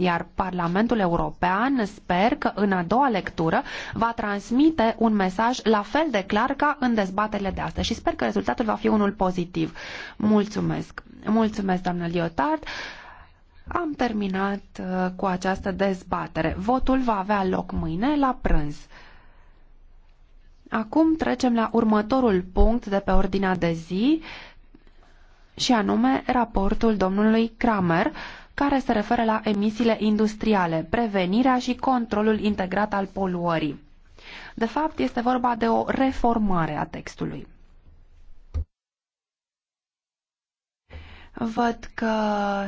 iar Parlamentul European sper că în a doua lectură va transmite un mesaj la fel de clar ca în dezbaterile de astăzi și sper că rezultatul va fi unul pozitiv. Mulțumesc! Mulțumesc, doamnă Liotard! Am terminat uh, cu această dezbatere. Votul va avea loc mâine la prânz. Acum trecem la următorul punct de pe ordinea de zi și anume raportul domnului Kramer care se referă la emisiile industriale, prevenirea și controlul integrat al poluării. De fapt, este vorba de o reformare a textului. Văd că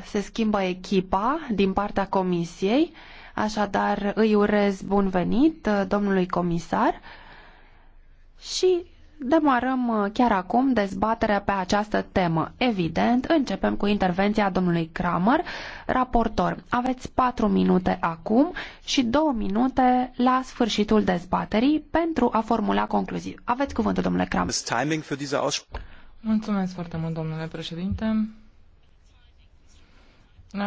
se schimbă echipa din partea comisiei, așadar îi urez bun venit domnului comisar și Demarăm uh, chiar acum dezbaterea pe această temă. Evident, începem cu intervenția domnului Kramer, raportor. Aveți patru minute acum și două minute la sfârșitul dezbaterii pentru a formula concluzii. Aveți cuvântul, domnule Kramer. Mulțumesc foarte mult, domnule președinte.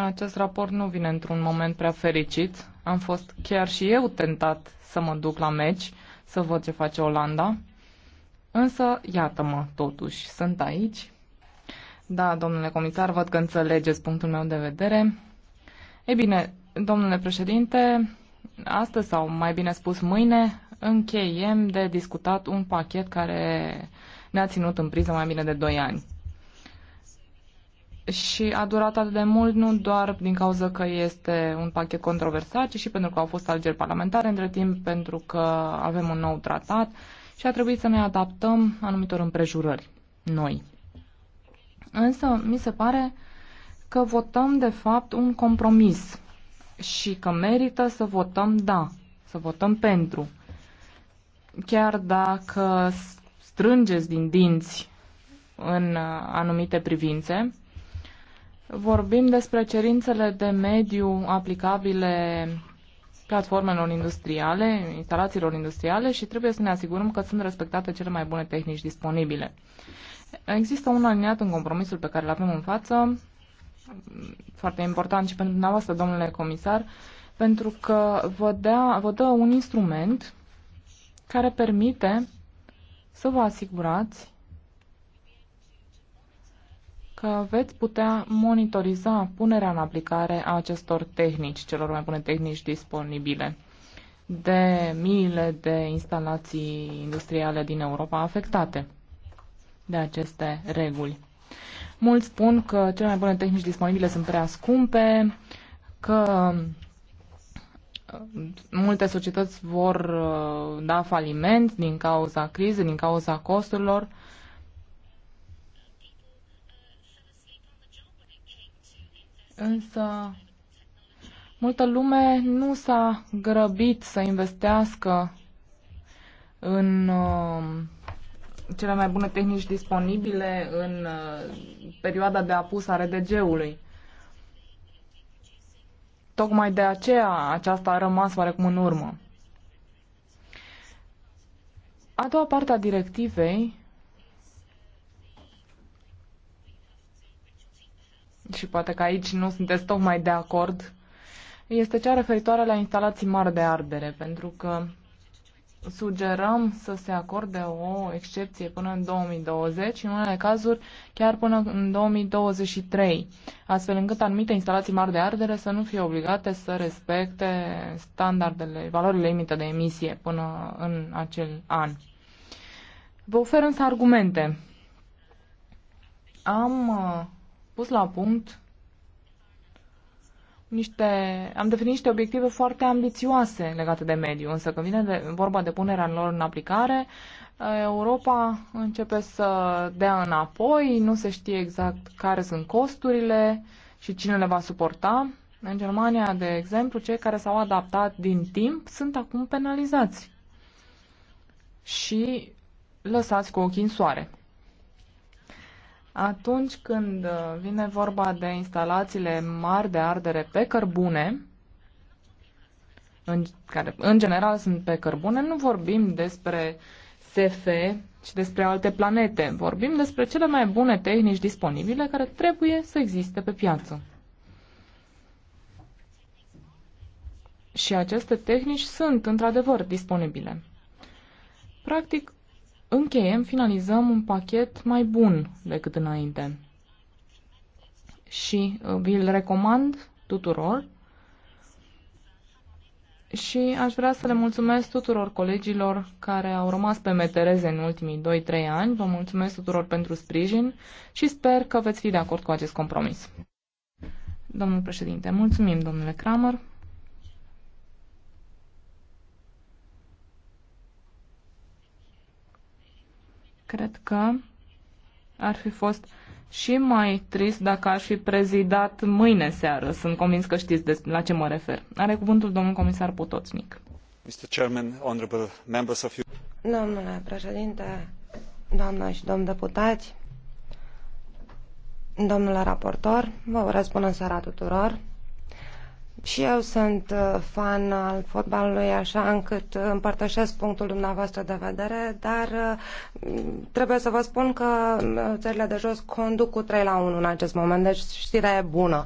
Acest raport nu vine într-un moment prea fericit. Am fost chiar și eu tentat să mă duc la meci, să văd ce face Olanda Însă, iată-mă, totuși, sunt aici. Da, domnule comisar, văd că înțelegeți punctul meu de vedere. Ei bine, domnule președinte, astăzi sau mai bine spus mâine, încheiem de discutat un pachet care ne-a ținut în priză mai bine de 2 ani. Și a durat atât de mult nu doar din cauza că este un pachet controversat, ci și pentru că au fost alegeri parlamentare între timp, pentru că avem un nou tratat și a trebuit să ne adaptăm anumitor împrejurări noi. Însă, mi se pare că votăm, de fapt, un compromis și că merită să votăm da, să votăm pentru. Chiar dacă strângeți din dinți în uh, anumite privințe, vorbim despre cerințele de mediu aplicabile platformelor industriale, instalațiilor industriale și trebuie să ne asigurăm că sunt respectate cele mai bune tehnici disponibile. Există un aliniat în compromisul pe care îl avem în față, foarte important și pentru dumneavoastră, domnule comisar, pentru că vă, dea, vă dă un instrument care permite să vă asigurați că veți putea monitoriza punerea în aplicare a acestor tehnici, celor mai bune tehnici disponibile, de miile de instalații industriale din Europa afectate de aceste reguli. Mulți spun că cele mai bune tehnici disponibile sunt prea scumpe, că uh, multe societăți vor uh, da faliment din cauza crizei, din cauza costurilor Însă, multă lume nu s-a grăbit să investească în uh, cele mai bune tehnici disponibile în uh, perioada de apus a RDG-ului. Tocmai de aceea aceasta a rămas oarecum în urmă. A doua parte a directivei și poate că aici nu sunteți tocmai de acord, este cea referitoare la instalații mari de ardere, pentru că sugerăm să se acorde o excepție până în 2020 și în unele cazuri chiar până în 2023, astfel încât anumite instalații mari de ardere să nu fie obligate să respecte standardele, valorile limite de emisie până în acel an. Vă ofer însă argumente. Am uh, pus la punct niște, am definit niște obiective foarte ambițioase legate de mediu, însă când vine de, vorba de punerea lor în aplicare, Europa începe să dea înapoi, nu se știe exact care sunt costurile și cine le va suporta. În Germania, de exemplu, cei care s-au adaptat din timp sunt acum penalizați și lăsați cu ochii în soare. Atunci când uh, vine vorba de instalațiile mari de ardere pe cărbune, în, care în general sunt pe cărbune, nu vorbim despre SF și despre alte planete. Vorbim despre cele mai bune tehnici disponibile care trebuie să existe pe piață. Și aceste tehnici sunt într-adevăr disponibile. Practic, încheiem, finalizăm un pachet mai bun decât înainte. Și uh, vi-l recomand tuturor și aș vrea să le mulțumesc tuturor colegilor care au rămas pe metereze în ultimii 2-3 ani. Vă mulțumesc tuturor pentru sprijin și sper că veți fi de acord cu acest compromis. Domnul președinte, mulțumim, domnule Kramer. Cred că ar fi fost și mai trist dacă aș fi prezidat mâine seară. Sunt convins că știți la ce mă refer. Are cuvântul domnul comisar Potoțnic. Mr. Chairman, honorable members of you. Domnule președinte, doamna și domn deputați, domnule raportor, vă urez bună seara tuturor. Și eu sunt uh, fan al fotbalului așa încât împărtășesc punctul dumneavoastră de vedere, dar uh, trebuie să vă spun că uh, țările de jos conduc cu 3 la 1 în acest moment, deci știrea e bună.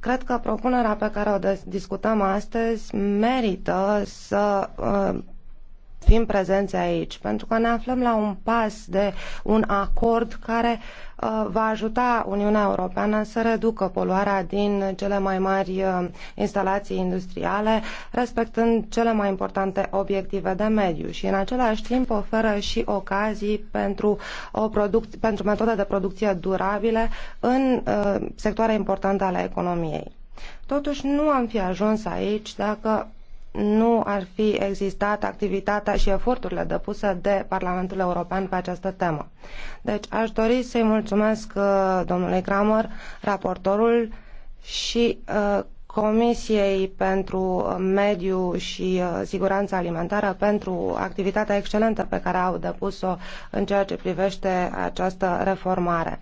Cred că propunerea pe care o discutăm astăzi merită să fim prezenți aici, pentru că ne aflăm la un pas de un acord care uh, va ajuta Uniunea Europeană să reducă poluarea din cele mai mari uh, instalații industriale, respectând cele mai importante obiective de mediu și în același timp oferă și ocazii pentru, o produc- pentru metode de producție durabile în uh, sectoare importante ale economiei. Totuși nu am fi ajuns aici dacă nu ar fi existat activitatea și eforturile depuse de Parlamentul European pe această temă. Deci aș dori să-i mulțumesc uh, domnului Kramer, raportorul și uh, Comisiei pentru Mediu și uh, Siguranța Alimentară pentru activitatea excelentă pe care au depus-o în ceea ce privește această reformare.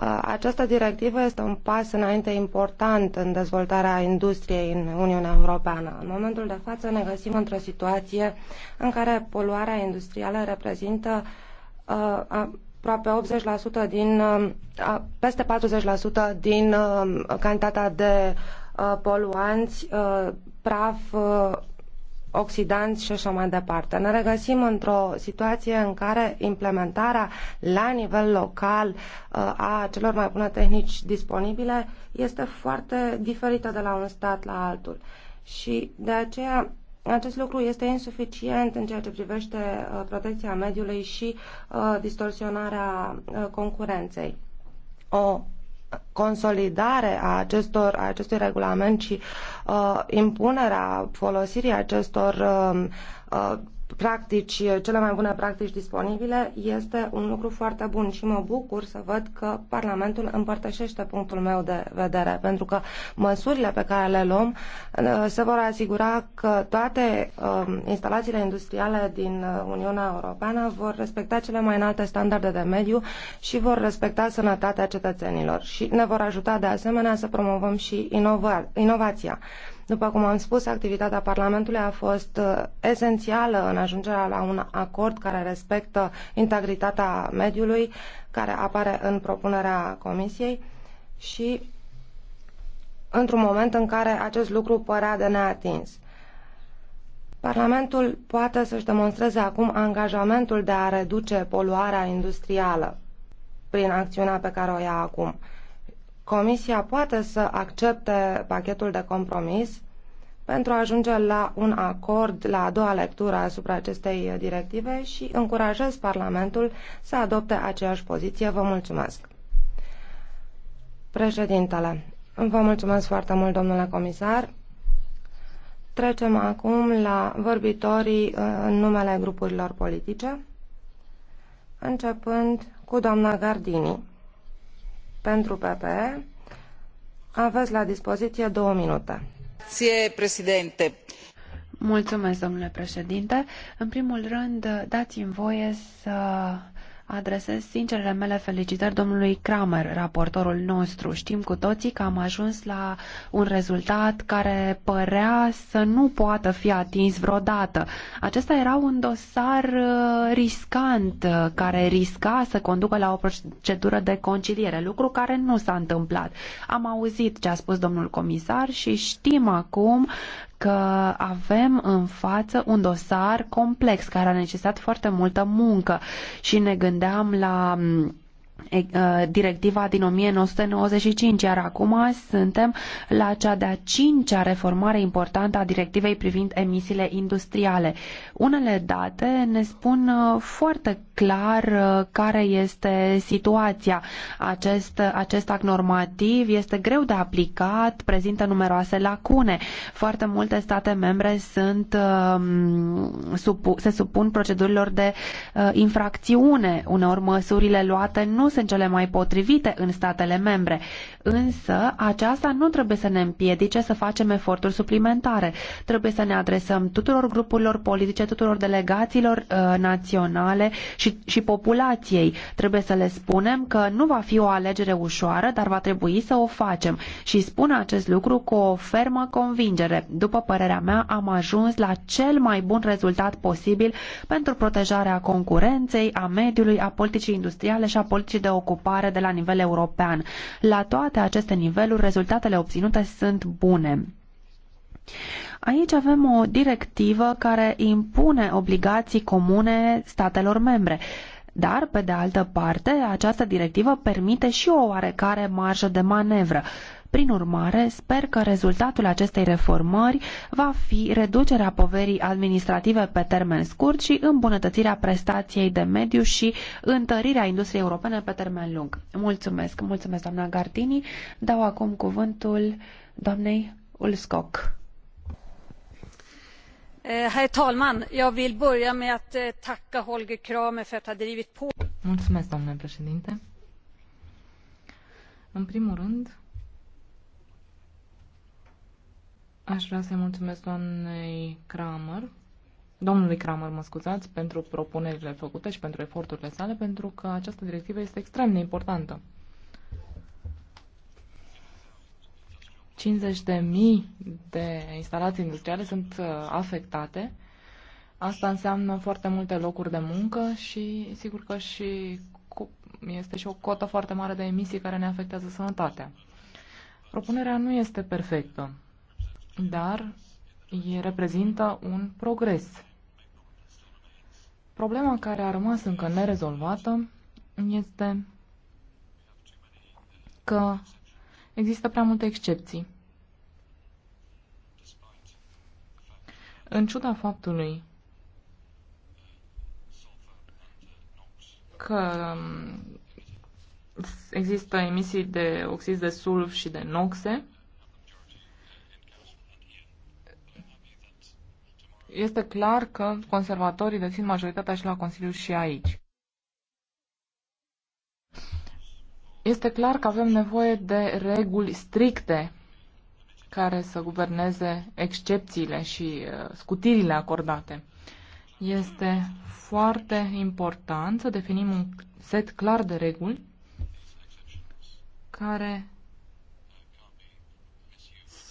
Uh, această directivă este un pas înainte important în dezvoltarea industriei în Uniunea Europeană. În momentul de față ne găsim într-o situație în care poluarea industrială reprezintă uh, aproape 80% din, peste 40% din cantitatea de Uh, poluanți, uh, praf, uh, oxidanți și așa mai departe. Ne regăsim într-o situație în care implementarea la nivel local a celor mai bune tehnici disponibile este foarte diferită de la un stat la altul. Și de aceea acest lucru este insuficient în ceea ce privește protecția mediului și distorsionarea concurenței. O consolidare a, acestor, a acestui regulament și uh, impunerea folosirii acestor uh, uh, practici, cele mai bune practici disponibile, este un lucru foarte bun și mă bucur să văd că Parlamentul împărtășește punctul meu de vedere, pentru că măsurile pe care le luăm uh, se vor asigura că toate um, instalațiile industriale din uh, Uniunea Europeană vor respecta cele mai înalte standarde de mediu și vor respecta sănătatea cetățenilor și ne vor ajuta de asemenea să promovăm și inova- inovația. După cum am spus, activitatea Parlamentului a fost uh, esențială în ajungerea la un acord care respectă integritatea mediului, care apare în propunerea Comisiei și într-un moment în care acest lucru părea de neatins. Parlamentul poate să-și demonstreze acum angajamentul de a reduce poluarea industrială prin acțiunea pe care o ia acum. Comisia poate să accepte pachetul de compromis pentru a ajunge la un acord la a doua lectură asupra acestei directive și încurajez Parlamentul să adopte aceeași poziție. Vă mulțumesc. Președintele, vă mulțumesc foarte mult, domnule comisar. Trecem acum la vorbitorii uh, în numele grupurilor politice, începând cu doamna Gardini. Pentru PPE aveți la dispoziție două minute. Ție, președinte. Mulțumesc, domnule președinte. În primul rând, dați-mi voie să Adresez sincerele mele felicitări domnului Kramer, raportorul nostru. Știm cu toții că am ajuns la un rezultat care părea să nu poată fi atins vreodată. Acesta era un dosar uh, riscant, uh, care risca să conducă la o procedură de conciliere, lucru care nu s-a întâmplat. Am auzit ce a spus domnul comisar și știm acum că avem în față un dosar complex care a necesitat foarte multă muncă și ne gândeam la Uh, directiva din 1995, iar acum suntem la cea de-a cincea reformare importantă a directivei privind emisiile industriale. Unele date ne spun uh, foarte clar uh, care este situația. Acest, acest act normativ este greu de aplicat, prezintă numeroase lacune. Foarte multe state membre sunt, um, se supun procedurilor de infracțiune. Uneori măsurile luate nu sunt cele mai potrivite în statele membre, însă aceasta nu trebuie să ne împiedice să facem eforturi suplimentare. Trebuie să ne adresăm tuturor grupurilor politice, tuturor delegațiilor uh, naționale și, și populației. Trebuie să le spunem că nu va fi o alegere ușoară, dar va trebui să o facem. Și spun acest lucru cu o fermă convingere. După părerea mea, am ajuns la cel mai bun rezultat posibil pentru protejarea concurenței, a mediului, a politicii industriale și a politicii și de ocupare de la nivel european. La toate aceste niveluri, rezultatele obținute sunt bune. Aici avem o directivă care impune obligații comune statelor membre. Dar, pe de altă parte, această directivă permite și o oarecare marjă de manevră. Prin urmare, sper că rezultatul acestei reformări va fi reducerea poverii administrative pe termen scurt și îmbunătățirea prestației de mediu și întărirea industriei europene pe termen lung. Mulțumesc, mulțumesc doamna Gardini. Dau acum cuvântul doamnei Ulskok. Eh, herr talman! Jag vill börja med att eh, tacka Holger Kramer för att ha drivit på. Mulțumesc, domnule președinte. În primul rând, Aș vrea să-i mulțumesc doamnei Kramer, domnului Kramer, mă scuzați, pentru propunerile făcute și pentru eforturile sale, pentru că această directivă este extrem de importantă. 50.000 de instalații industriale sunt uh, afectate. Asta înseamnă foarte multe locuri de muncă și sigur că și este și o cotă foarte mare de emisii care ne afectează sănătatea. Propunerea nu este perfectă dar reprezintă un progres. Problema care a rămas încă nerezolvată este că există prea multe excepții. În ciuda faptului că există emisii de oxid de sulf și de noxe, este clar că conservatorii dețin majoritatea și la Consiliu și aici. Este clar că avem nevoie de reguli stricte care să guverneze excepțiile și uh, scutirile acordate. Este foarte important să definim un set clar de reguli care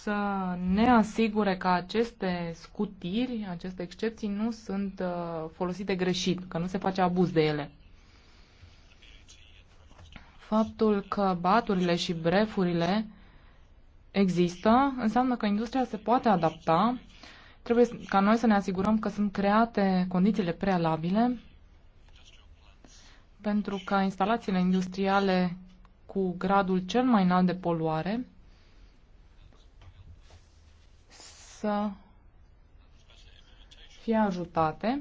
să ne asigure că aceste scutiri, aceste excepții nu sunt uh, folosite greșit, că nu se face abuz de ele. Faptul că baturile și brefurile există înseamnă că industria se poate adapta. Trebuie ca noi să ne asigurăm că sunt create condițiile prealabile pentru ca instalațiile industriale cu gradul cel mai înalt de poluare să fie ajutate,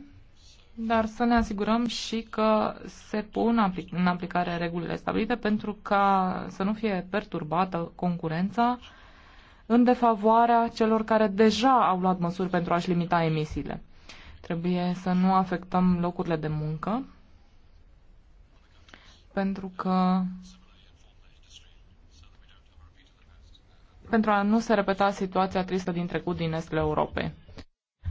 dar să ne asigurăm și că se pun în aplicare regulile stabilite pentru ca să nu fie perturbată concurența în defavoarea celor care deja au luat măsuri pentru a-și limita emisiile. Trebuie să nu afectăm locurile de muncă, pentru că pentru a nu se repeta situația tristă din trecut din estul Europei.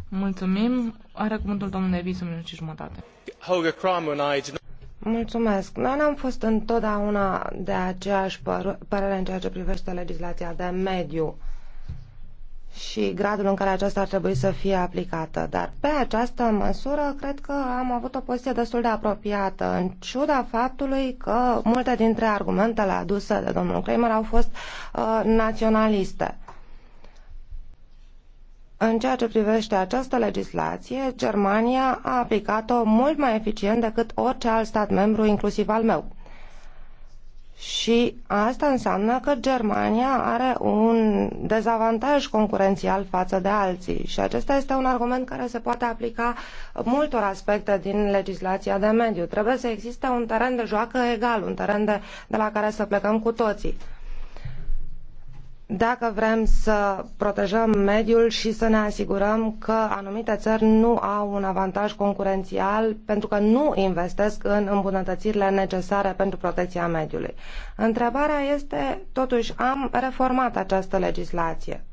Mulțumim. Are cuvântul domnul Davis un minut și jumătate. Mulțumesc. Noi n-am fost întotdeauna de aceeași părere în ceea ce privește legislația de mediu și gradul în care aceasta ar trebui să fie aplicată. Dar pe această măsură cred că am avut o poziție destul de apropiată, în ciuda faptului că multe dintre argumentele aduse de domnul Kramer au fost uh, naționaliste. În ceea ce privește această legislație, Germania a aplicat-o mult mai eficient decât orice alt stat membru, inclusiv al meu. Și asta înseamnă că Germania are un dezavantaj concurențial față de alții și acesta este un argument care se poate aplica multor aspecte din legislația de mediu. Trebuie să existe un teren de joacă egal, un teren de, de la care să plecăm cu toții dacă vrem să protejăm mediul și să ne asigurăm că anumite țări nu au un avantaj concurențial pentru că nu investesc în îmbunătățirile necesare pentru protecția mediului. Întrebarea este, totuși, am reformat această legislație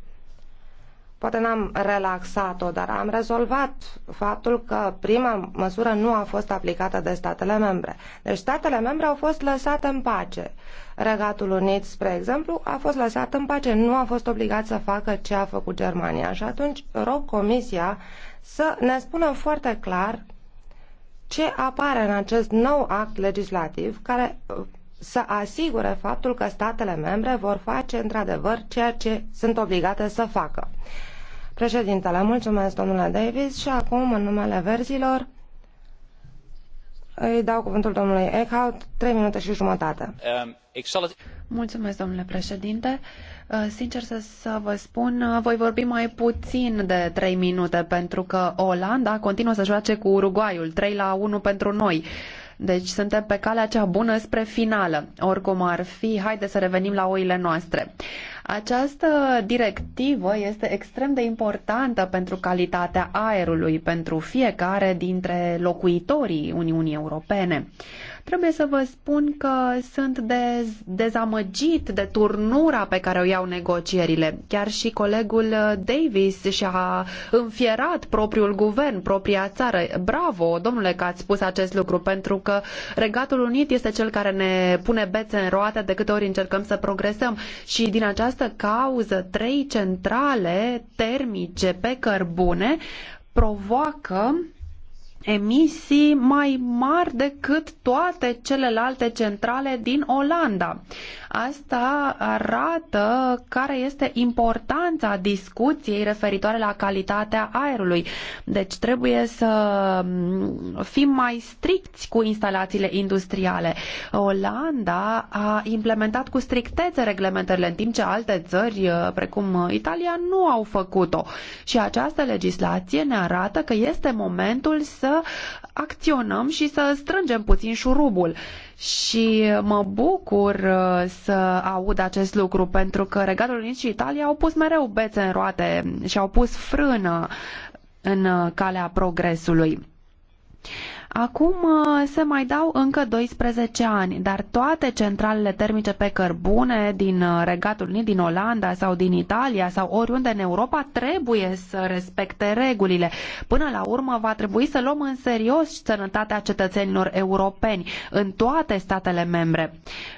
poate n-am relaxat-o, dar am rezolvat faptul că prima măsură nu a fost aplicată de statele membre. Deci statele membre au fost lăsate în pace. Regatul Unit, spre exemplu, a fost lăsat în pace, nu a fost obligat să facă ce a făcut Germania. Și atunci rog Comisia să ne spună foarte clar ce apare în acest nou act legislativ care uh, să asigure faptul că statele membre vor face într-adevăr ceea ce sunt obligate să facă. Președintele, mulțumesc domnule Davis și acum, în numele verzilor, îi dau cuvântul domnului Eckhout, trei minute și jumătate. Um, mulțumesc, domnule președinte. Uh, sincer să, să vă spun, uh, voi vorbi mai puțin de 3 minute, pentru că Olanda continuă să joace cu Uruguayul, 3 la 1 pentru noi. Deci suntem pe calea cea bună spre finală. Oricum ar fi, haide să revenim la oile noastre. Această directivă este extrem de importantă pentru calitatea aerului pentru fiecare dintre locuitorii Uniunii Europene. Trebuie să vă spun că sunt dez- dezamăgit de turnura pe care o iau negocierile. Chiar și colegul uh, Davis și-a înfierat propriul guvern, propria țară. Bravo, domnule, că ați spus acest lucru, pentru că Regatul Unit este cel care ne pune bețe în roate de câte ori încercăm să progresăm. Și din această cauză, trei centrale termice pe cărbune provoacă emisii mai mari decât toate celelalte centrale din Olanda. Asta arată care este importanța discuției referitoare la calitatea aerului. Deci trebuie să mm, fim mai stricți cu instalațiile industriale. Olanda a implementat cu strictețe reglementările, în timp ce alte țări, uh, precum uh, Italia, nu au făcut-o. Și această legislație ne arată că este momentul să acționăm și să strângem puțin șurubul. Și mă bucur uh, să aud acest lucru, pentru că Regatul Unit și Italia au pus mereu bețe în roate și au pus frână în uh, calea progresului. Acum uh, se mai dau încă 12 ani, dar toate centralele termice pe cărbune din uh, Regatul Unit, din Olanda sau din Italia sau oriunde în Europa trebuie să respecte regulile. Până la urmă va trebui să luăm în serios sănătatea cetățenilor europeni în toate statele membre.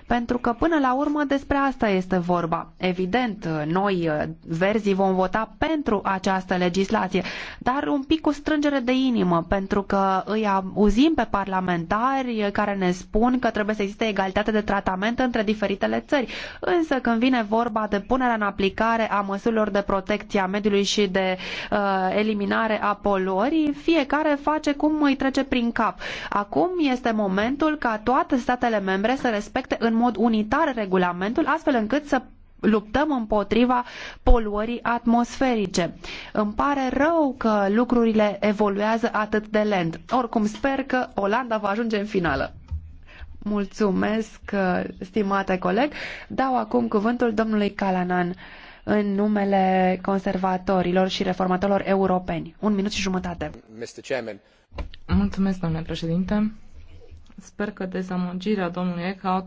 Pentru că până la urmă despre asta este vorba. Evident, uh, noi verzii vom vota pentru această legislație, dar un pic cu strângere de inimă, pentru că îi auzim pe parlamentari care ne spun că trebuie să existe egalitate de tratament între diferitele țări. Însă când vine vorba de punerea în aplicare a măsurilor de protecție a mediului și de uh, eliminare a poluării, fiecare face cum îi trece prin cap. Acum este momentul ca toate statele membre să respecte în mod unitar regulamentul, astfel încât să luptăm împotriva poluării atmosferice. Îmi pare rău că lucrurile evoluează atât de lent. Oricum sper că Olanda va ajunge în finală. Mulțumesc, stimate coleg. Dau acum cuvântul domnului Calanan în numele conservatorilor și reformatorilor europeni. Un minut și jumătate. Mulțumesc, domnule președinte. Sper că dezamăgirea domnului Eckhout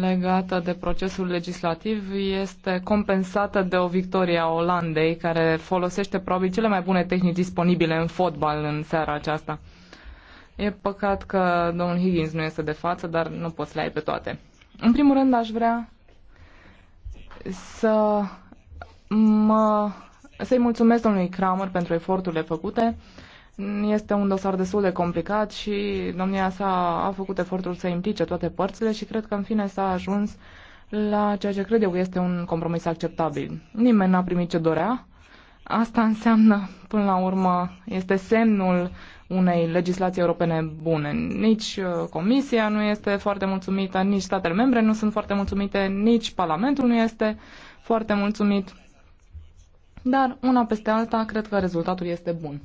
legată de procesul legislativ este compensată de o victorie a Olandei, care folosește probabil cele mai bune tehnici disponibile în fotbal în seara aceasta. E păcat că domnul Higgins nu este de față, dar nu poți să le ai pe toate. În primul rând aș vrea să mă, să-i mulțumesc domnului Kramer pentru eforturile făcute este un dosar destul de complicat și domnia sa a făcut efortul să implice toate părțile și cred că în fine s-a ajuns la ceea ce cred eu este un compromis acceptabil. Nimeni n-a primit ce dorea. Asta înseamnă, până la urmă, este semnul unei legislații europene bune. Nici uh, Comisia nu este foarte mulțumită, nici statele membre nu sunt foarte mulțumite, nici Parlamentul nu este foarte mulțumit. Dar, una peste alta, cred că rezultatul este bun.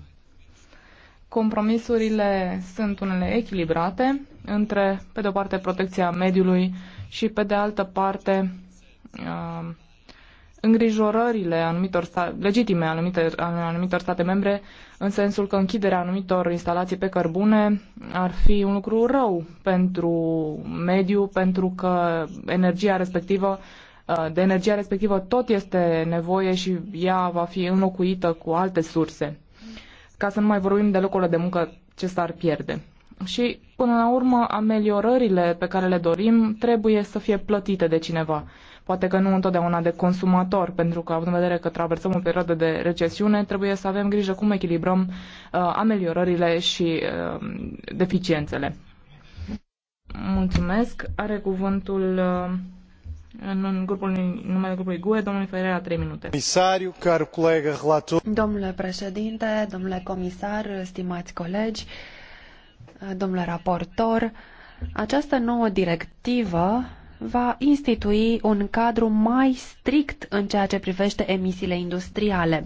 Compromisurile sunt unele echilibrate între, pe de o parte, protecția mediului și, pe de altă parte, uh, îngrijorările anumitor sta- legitime anumite, anumitor state membre, în sensul că închiderea anumitor instalații pe cărbune ar fi un lucru rău pentru mediu, pentru că energia respectivă uh, de energia respectivă tot este nevoie și ea va fi înlocuită cu alte surse ca să nu mai vorbim de locurile de muncă ce s-ar pierde. Și, până la urmă, ameliorările pe care le dorim trebuie să fie plătite de cineva. Poate că nu întotdeauna de consumator, pentru că, având în vedere că traversăm o perioadă de recesiune, trebuie să avem grijă cum echilibrăm uh, ameliorările și uh, deficiențele. Mulțumesc. Are cuvântul. Uh în grupul, numele grupului GUE, domnul Ferreira, 3 minute. Comisariu, car colegă, relator... Domnule președinte, domnule comisar, stimați colegi, domnule raportor, această nouă directivă va institui un cadru mai strict în ceea ce privește emisiile industriale.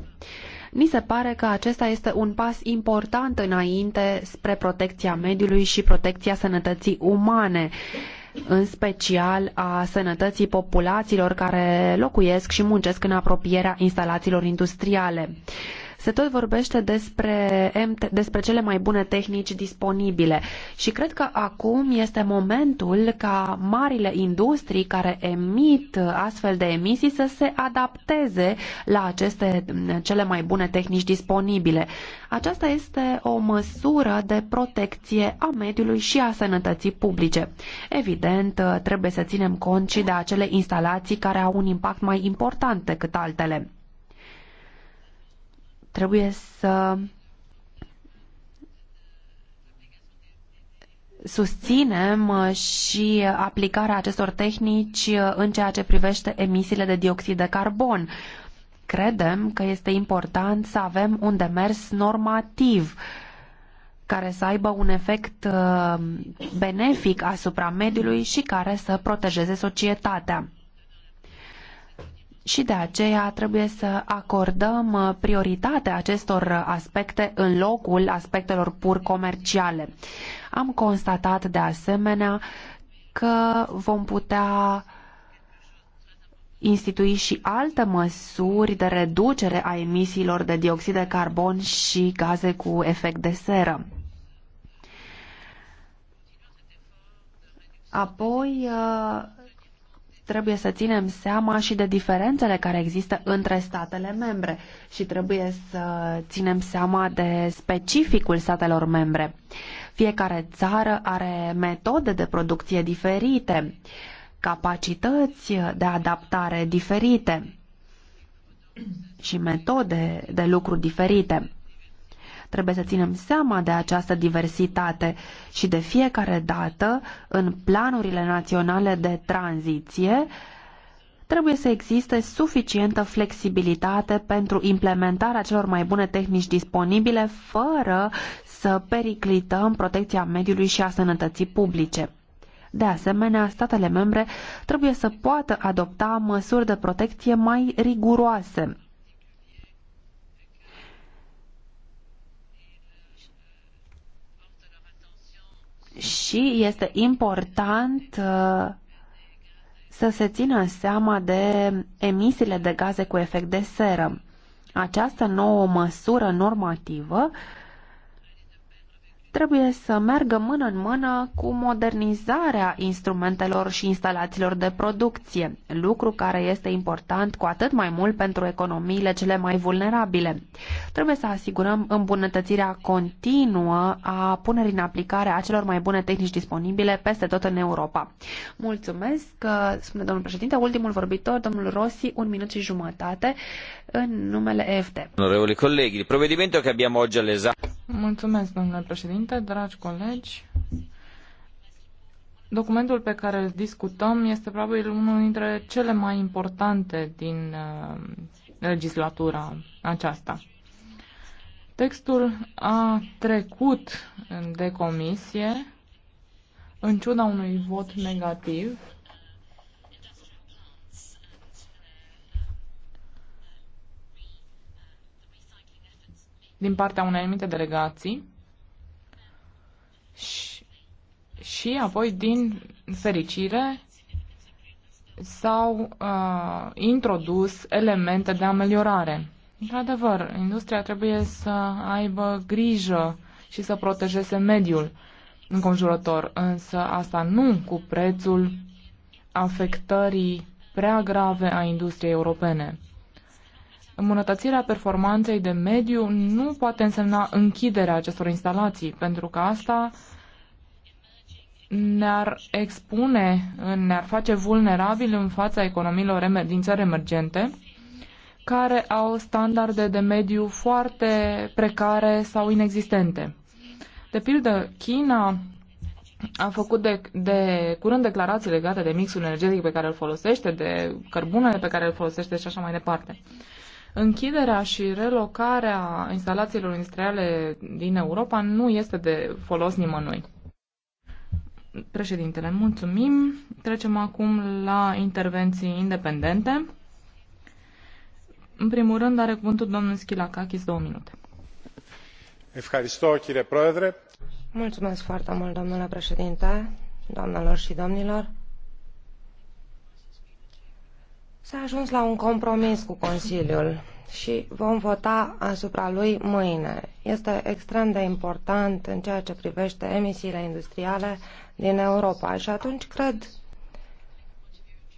Ni se pare că acesta este un pas important înainte spre protecția mediului și protecția sănătății umane în special a sănătății populațiilor care locuiesc și muncesc în apropierea instalațiilor industriale. Se tot vorbește despre, despre cele mai bune tehnici disponibile și cred că acum este momentul ca marile industrii care emit astfel de emisii să se adapteze la aceste mm, cele mai bune tehnici disponibile. Aceasta este o măsură de protecție a mediului și a sănătății publice. Evident, trebuie să ținem cont și de acele instalații care au un impact mai important decât altele. Trebuie să susținem uh, și aplicarea acestor tehnici uh, în ceea ce privește emisiile de dioxid de carbon. Credem că este important să avem un demers normativ care să aibă un efect uh, benefic asupra mediului și care să protejeze societatea și de aceea trebuie să acordăm uh, prioritate acestor aspecte în locul aspectelor pur comerciale. Am constatat de asemenea că vom putea institui și alte măsuri de reducere a emisiilor de dioxid de carbon și gaze cu efect de seră. Apoi uh, trebuie să ținem seama și de diferențele care există între statele membre și trebuie să ținem seama de specificul statelor membre. Fiecare țară are metode de producție diferite, capacități de adaptare diferite și metode de lucru diferite. Trebuie să ținem seama de această diversitate și de fiecare dată, în planurile naționale de tranziție, trebuie să existe suficientă flexibilitate pentru implementarea celor mai bune tehnici disponibile, fără să periclităm protecția mediului și a sănătății publice. De asemenea, statele membre trebuie să poată adopta măsuri de protecție mai riguroase. și este important uh, să se țină seama de emisiile de gaze cu efect de seră. Această nouă măsură normativă trebuie să meargă mână în mână cu modernizarea instrumentelor și instalațiilor de producție, lucru care este important cu atât mai mult pentru economiile cele mai vulnerabile. Trebuie să asigurăm îmbunătățirea continuă a punerii în aplicare a celor mai bune tehnici disponibile peste tot în Europa. Mulțumesc, uh, spune domnul președinte, ultimul vorbitor, domnul Rossi, un minut și jumătate, în numele EFT. Onorevoli colegi, il provvedimento abbiamo oggi all'esame. Mulțumesc, domnule președinte președinte, dragi colegi, documentul pe care îl discutăm este probabil unul dintre cele mai importante din uh, legislatura aceasta. Textul a trecut de comisie în ciuda unui vot negativ din partea unei anumite delegații și, și apoi, din fericire, s-au uh, introdus elemente de ameliorare. Într-adevăr, industria trebuie să aibă grijă și să protejeze mediul înconjurător, însă asta nu cu prețul afectării prea grave a industriei europene. Îmbunătățirea performanței de mediu nu poate însemna închiderea acestor instalații, pentru că asta ne-ar expune, ne-ar face vulnerabil în fața economiilor din țări emergente, care au standarde de mediu foarte precare sau inexistente. De pildă, China a făcut de, de curând declarații legate de mixul energetic pe care îl folosește, de cărbunele pe care îl folosește și așa mai departe. Închiderea și relocarea instalațiilor industriale din Europa nu este de folos nimănui. Președintele, mulțumim. Trecem acum la intervenții independente. În primul rând are cuvântul domnul Schilakakis, două minute. Mulțumesc foarte mult, domnule președinte, doamnelor și domnilor. S-a ajuns la un compromis cu Consiliul și vom vota asupra lui mâine. Este extrem de important în ceea ce privește emisiile industriale din Europa și atunci cred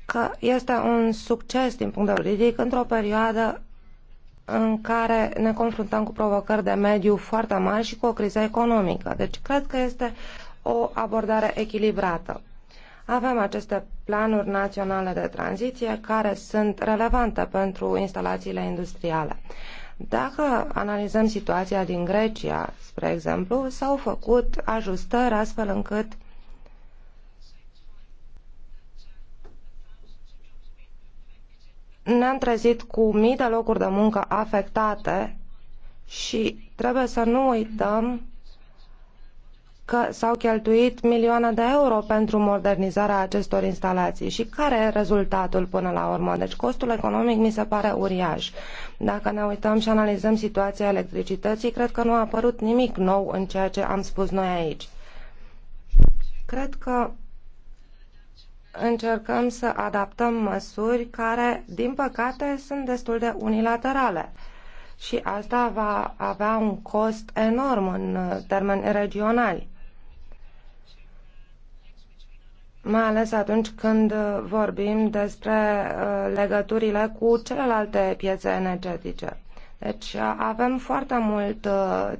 că este un succes din punct de vedere juridic într-o perioadă în care ne confruntăm cu provocări de mediu foarte mari și cu o criză economică. Deci cred că este o abordare echilibrată. Avem aceste planuri naționale de tranziție care sunt relevante pentru instalațiile industriale. Dacă analizăm situația din Grecia, spre exemplu, s-au făcut ajustări astfel încât ne-am trezit cu mii de locuri de muncă afectate și trebuie să nu uităm că s-au cheltuit milioane de euro pentru modernizarea acestor instalații și care e rezultatul până la urmă. Deci costul economic mi se pare uriaș. Dacă ne uităm și analizăm situația electricității, cred că nu a apărut nimic nou în ceea ce am spus noi aici. Cred că încercăm să adaptăm măsuri care, din păcate, sunt destul de unilaterale și asta va avea un cost enorm în termeni regionali. mai ales atunci când uh, vorbim despre uh, legăturile cu celelalte piețe energetice. Deci uh, avem foarte mult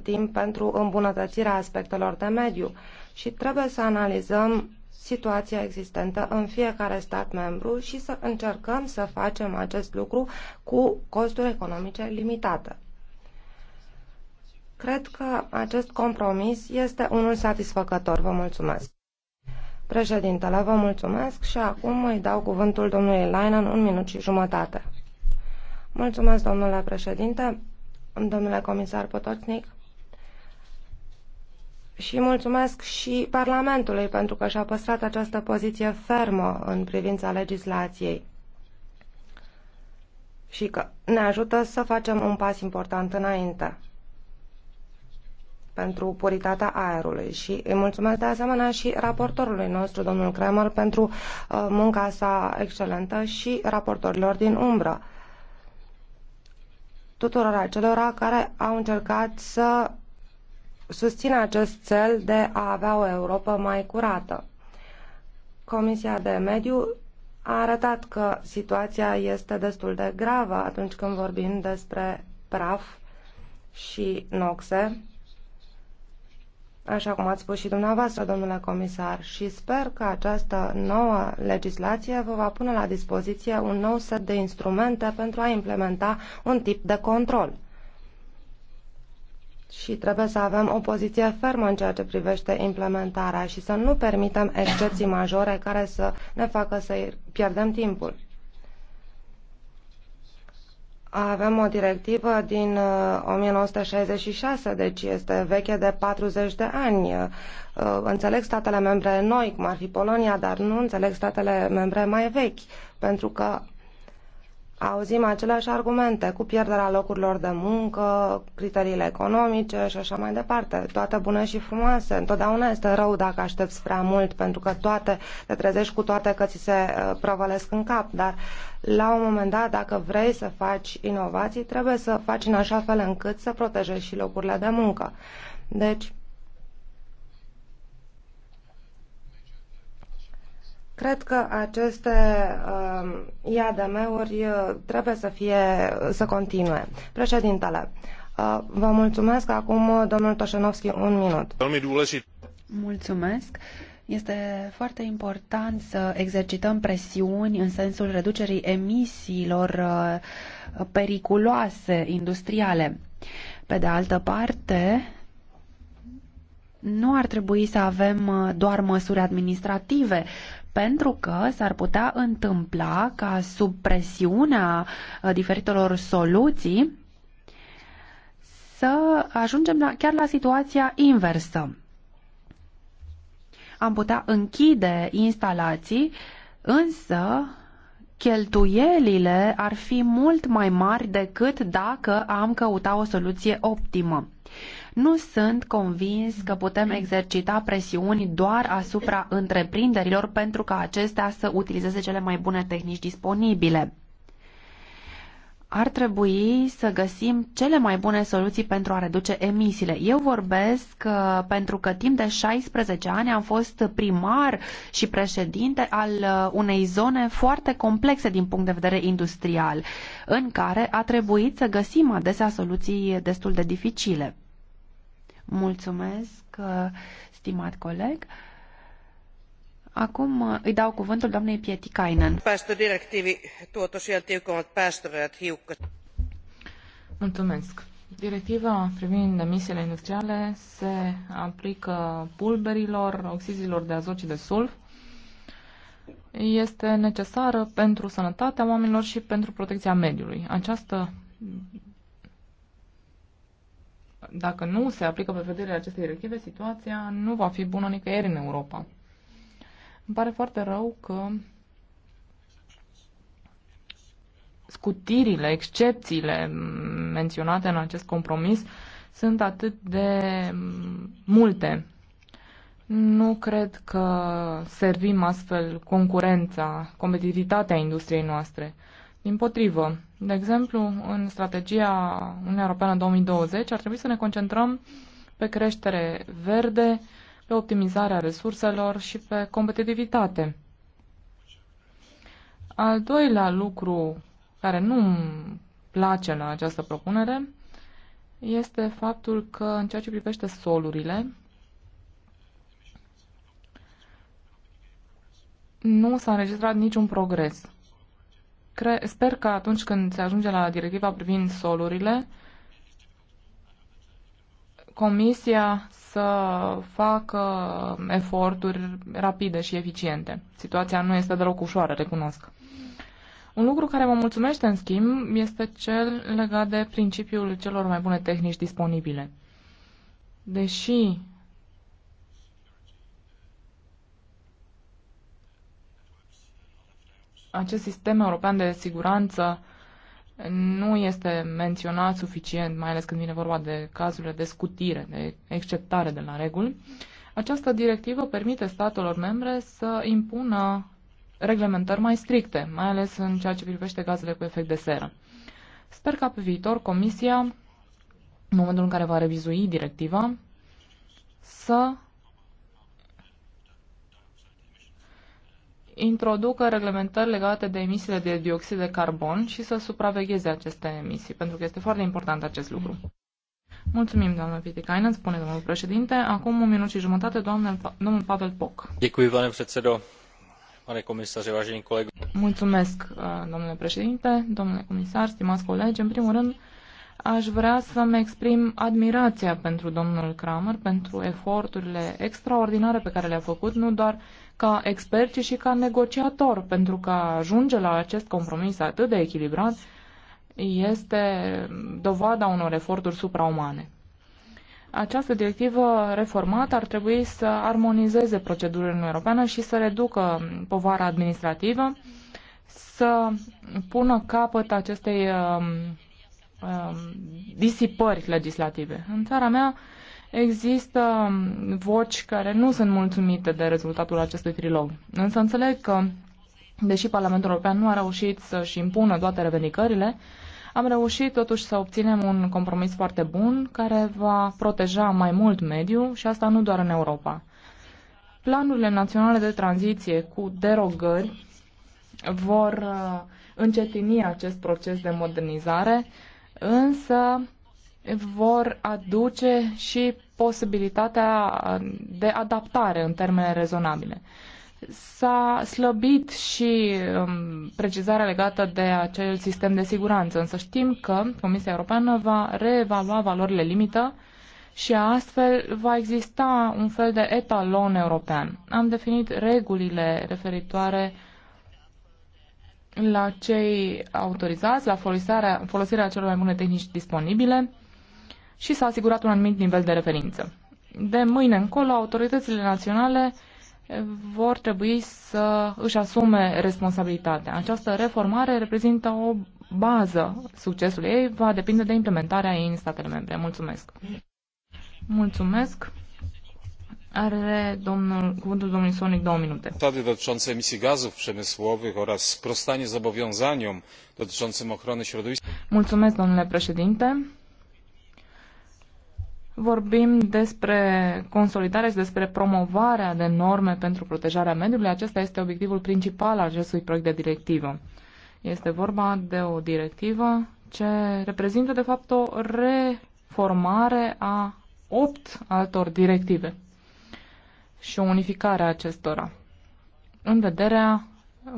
timp pentru îmbunătățirea aspectelor de mediu și trebuie să analizăm situația existentă în fiecare stat membru și să încercăm să facem acest lucru cu costuri economice limitate. Cred că acest compromis este unul satisfăcător. Vă mulțumesc! Președintele, vă mulțumesc și acum îi dau cuvântul domnului Lainan un minut și jumătate. Mulțumesc, domnule președinte, domnule comisar Potocnic și mulțumesc și Parlamentului pentru că și-a păstrat această poziție fermă în privința legislației și că ne ajută să facem un pas important înainte pentru puritatea aerului și îi mulțumesc de asemenea și raportorului nostru, domnul Kramer, pentru uh, munca sa excelentă și raportorilor din umbră tuturor acelora care au încercat să susțină acest cel de a avea o Europa mai curată. Comisia de Mediu a arătat că situația este destul de gravă atunci când vorbim despre praf și noxe așa cum ați spus și dumneavoastră, domnule comisar, și sper că această nouă legislație vă va pune la dispoziție un nou set de instrumente pentru a implementa un tip de control. Și trebuie să avem o poziție fermă în ceea ce privește implementarea și să nu permitem excepții majore care să ne facă să pierdem timpul. Avem o directivă din 1966, uh, deci este veche de 40 de ani. Uh, înțeleg statele membre noi, cum ar fi Polonia, dar nu înțeleg statele membre mai vechi, pentru că auzim aceleași argumente cu pierderea locurilor de muncă, criteriile economice și așa mai departe. Toate bune și frumoase. Întotdeauna este rău dacă aștepți prea mult, pentru că toate te trezești cu toate că ți se uh, prăvălesc în cap, dar la un moment dat, dacă vrei să faci inovații, trebuie să faci în așa fel încât să protejezi și locurile de muncă. Deci, Cred că aceste um, uh, IADM-uri trebuie să fie să continue. Președintele, uh, vă mulțumesc. Acum, uh, domnul Toșenovski, un minut. Mulțumesc. Este foarte important să exercităm presiuni în sensul reducerii emisiilor uh, periculoase industriale. Pe de altă parte, nu ar trebui să avem uh, doar măsuri administrative, pentru că s-ar putea întâmpla ca sub presiunea uh, diferitelor soluții să ajungem la, chiar la situația inversă. Am putea închide instalații, însă cheltuielile ar fi mult mai mari decât dacă am căuta o soluție optimă. Nu sunt convins că putem exercita presiuni doar asupra întreprinderilor pentru ca acestea să utilizeze cele mai bune tehnici disponibile. Ar trebui să găsim cele mai bune soluții pentru a reduce emisiile. Eu vorbesc uh, pentru că timp de 16 ani am fost primar și președinte al uh, unei zone foarte complexe din punct de vedere industrial, în care a trebuit să găsim adesea soluții destul de dificile. Mulțumesc, uh, stimat coleg. Acum uh, îi dau cuvântul doamnei Pietikainen. Päästödirektiivi Mulțumesc. Directiva privind emisiile industriale se aplică pulberilor, oxizilor de azot și de sulf. Este necesară pentru sănătatea oamenilor și pentru protecția mediului. Această dacă nu se aplică prevederile acestei directive, situația nu va fi bună nicăieri în Europa. Îmi pare foarte rău că scutirile, excepțiile menționate în acest compromis sunt atât de multe. Nu cred că servim astfel concurența, competitivitatea industriei noastre. Din potrivă, de exemplu, în strategia Uniunea Europeană 2020 ar trebui să ne concentrăm pe creștere verde, pe optimizarea resurselor și pe competitivitate. Al doilea lucru care nu place la această propunere este faptul că în ceea ce privește solurile, nu s-a înregistrat niciun progres cre- sper că atunci când se ajunge la directiva privind solurile, Comisia să facă eforturi rapide și eficiente. Situația nu este deloc ușoară, recunosc. Un lucru care mă mulțumește, în schimb, este cel legat de principiul celor mai bune tehnici disponibile. Deși acest sistem european de siguranță nu este menționat suficient, mai ales când vine vorba de cazurile de scutire, de exceptare de la reguli. Această directivă permite statelor membre să impună reglementări mai stricte, mai ales în ceea ce privește gazele cu efect de seră. Sper ca pe viitor Comisia, în momentul în care va revizui directiva, să introducă reglementări legate de emisiile de dioxid de carbon și să supravegheze aceste emisii, pentru că este foarte important acest lucru. Mulțumim, doamnă Pitikainen, spune domnul președinte. Acum un minut și jumătate, doamne, domnul Pavel Poc. Děkuji, pane předsedo, pane komisaři, vážení colegi. Mulțumesc, uh, domnule președinte, domnule comisar, stimați colegi. În primul rând, aș vrea să-mi exprim admirația pentru domnul Kramer, pentru eforturile extraordinare pe care le-a făcut, nu doar ca expert, ci și ca negociator, pentru că a ajunge la acest compromis atât de echilibrat este dovada unor eforturi supraumane. Această directivă reformată ar trebui să armonizeze procedurile în Europeană și să reducă povara administrativă, să pună capăt acestei uh, uh, disipări legislative. În țara mea, Există voci care nu sunt mulțumite de rezultatul acestui trilog, însă înțeleg că, deși Parlamentul European nu a reușit să-și impună toate revendicările, am reușit totuși să obținem un compromis foarte bun care va proteja mai mult mediul și asta nu doar în Europa. Planurile naționale de tranziție cu derogări vor uh, încetini acest proces de modernizare, însă vor aduce și posibilitatea de adaptare în termene rezonabile. S-a slăbit și um, precizarea legată de acel sistem de siguranță, însă știm că Comisia Europeană va reevalua valorile limită și astfel va exista un fel de etalon european. Am definit regulile referitoare la cei autorizați, la folosirea, folosirea celor mai bune tehnici disponibile, și s-a asigurat un anumit nivel de referință. De mâine încolo, autoritățile naționale vor trebui să își asume responsabilitatea. Această reformare reprezintă o bază succesului ei, va depinde de implementarea ei în statele membre. Mulțumesc! Mulțumesc! Are domnul, cuvântul domnului Sonic două minute. Zasady dotyczące emisii gazów przemysłowych oraz sprostanie zobowiązaniom dotyczącym ochrony środowiska. Mulțumesc, domnule președinte. Vorbim despre consolidare și despre promovarea de norme pentru protejarea mediului. Acesta este obiectivul principal al acestui proiect de directivă. Este vorba de o directivă ce reprezintă, de fapt, o reformare a opt altor directive și o unificare a acestora în vederea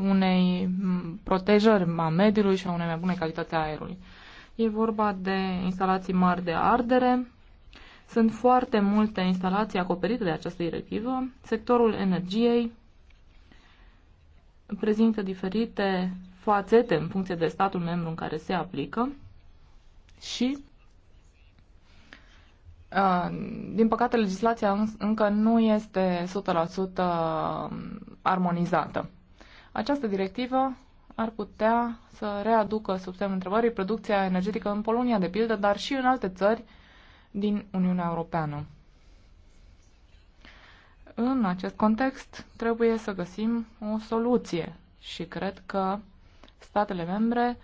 unei protejări a mediului și a unei mai bune calitate a aerului. E vorba de instalații mari de ardere, sunt foarte multe instalații acoperite de această directivă. Sectorul energiei prezintă diferite fațete în funcție de statul membru în care se aplică și din păcate, legislația încă nu este 100% armonizată. Această directivă ar putea să readucă sub semnul întrebării producția energetică în Polonia, de pildă, dar și în alte țări din Uniunea Europeană. În acest context, trebuie să găsim o soluție și cred că statele membre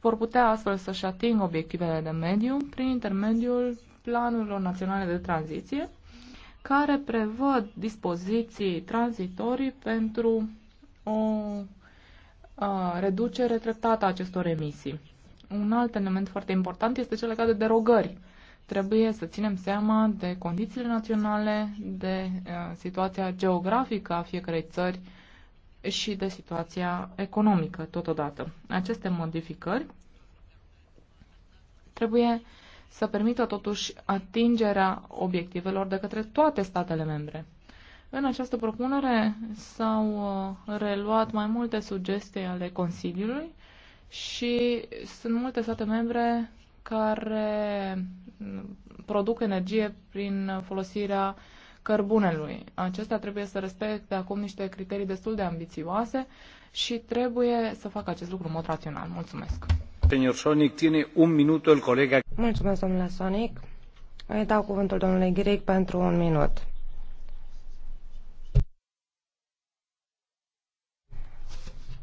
vor putea astfel să-și atingă obiectivele de mediu prin intermediul planurilor naționale de tranziție, care prevăd dispoziții tranzitorii pentru o a, reducere treptată a acestor emisii. Un alt element foarte important este cel legat de derogări Trebuie să ținem seama de condițiile naționale, de uh, situația geografică a fiecărei țări și de situația economică totodată. Aceste modificări trebuie să permită totuși atingerea obiectivelor de către toate statele membre. În această propunere s-au uh, reluat mai multe sugestii ale Consiliului și sunt multe state membre care produc energie prin folosirea cărbunelui. Acestea trebuie să respecte acum niște criterii destul de ambițioase și trebuie să facă acest lucru în mod rațional. Mulțumesc. Senior Sonic, tine un minut el colega. Mulțumesc, domnule Sonic. Îi dau cuvântul domnului Greg pentru un minut.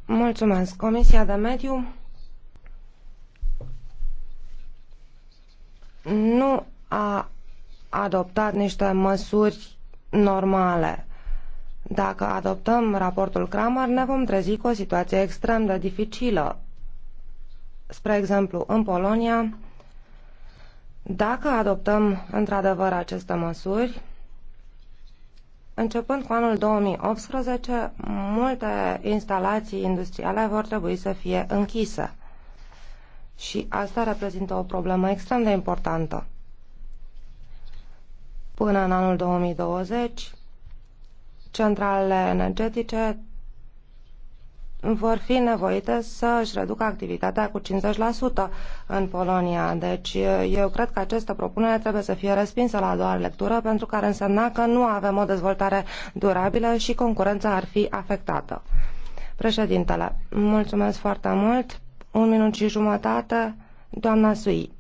Mulțumesc. Comisia de Mediu nu a adoptat niște măsuri normale. Dacă adoptăm raportul Kramer, ne vom trezi cu o situație extrem de dificilă. Spre exemplu, în Polonia, dacă adoptăm într-adevăr aceste măsuri, începând cu anul 2018, multe instalații industriale vor trebui să fie închise și asta reprezintă o problemă extrem de importantă. Până în anul 2020, centralele energetice vor fi nevoite să își reducă activitatea cu 50% în Polonia. Deci eu cred că această propunere trebuie să fie respinsă la a doua lectură pentru că ar însemna că nu avem o dezvoltare durabilă și concurența ar fi afectată. Președintele, mulțumesc foarte mult. Un minut și jumătate, doamna Sui.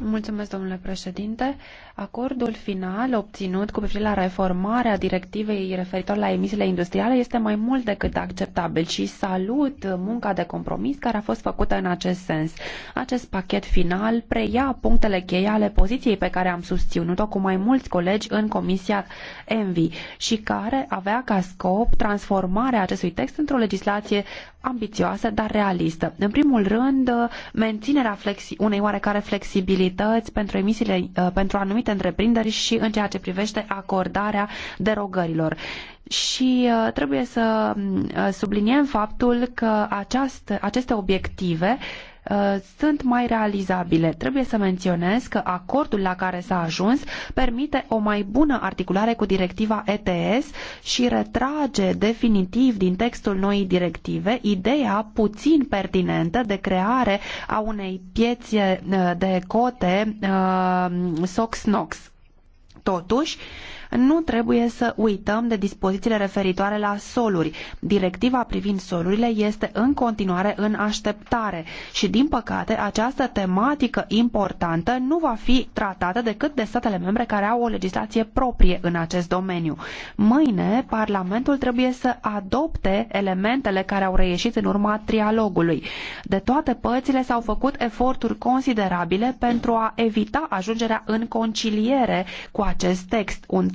Mulțumesc, domnule președinte. Acordul final obținut cu privire la reformarea directivei referitor la emisiile industriale este mai mult decât acceptabil și salut munca de compromis care a fost făcută în acest sens. Acest pachet final preia punctele cheie ale poziției pe care am susținut-o cu mai mulți colegi în Comisia ENVI și care avea ca scop transformarea acestui text într-o legislație ambițioasă, dar realistă. În primul rând, menținerea unei oarecare flexibilități pentru emisiile pentru anumite anumite întreprinderi și în ceea ce privește acordarea derogărilor. Și uh, trebuie să mm, uh, subliniem faptul că aceast, aceste obiective Uh, sunt mai realizabile. Trebuie să menționez că acordul la care s-a ajuns permite o mai bună articulare cu directiva ETS și retrage definitiv din textul noii directive ideea puțin pertinentă de creare a unei piețe uh, de cote uh, SOX-NOX. Totuși, nu trebuie să uităm de dispozițiile referitoare la soluri. Directiva privind solurile este în continuare în așteptare și, din păcate, această tematică importantă nu va fi tratată decât de statele membre care au o legislație proprie în acest domeniu. Mâine, Parlamentul trebuie să adopte elementele care au reieșit în urma trialogului. De toate părțile s-au făcut eforturi considerabile pentru a evita ajungerea în conciliere cu acest text, un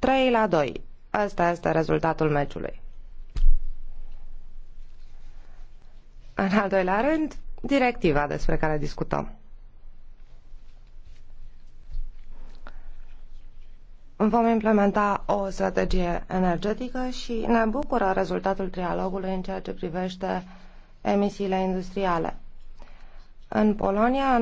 3 la 2. Asta este rezultatul meciului. În al doilea rând, directiva despre care discutăm. Vom implementa o strategie energetică și ne bucură rezultatul trialogului în ceea ce privește emisiile industriale. În Polonia,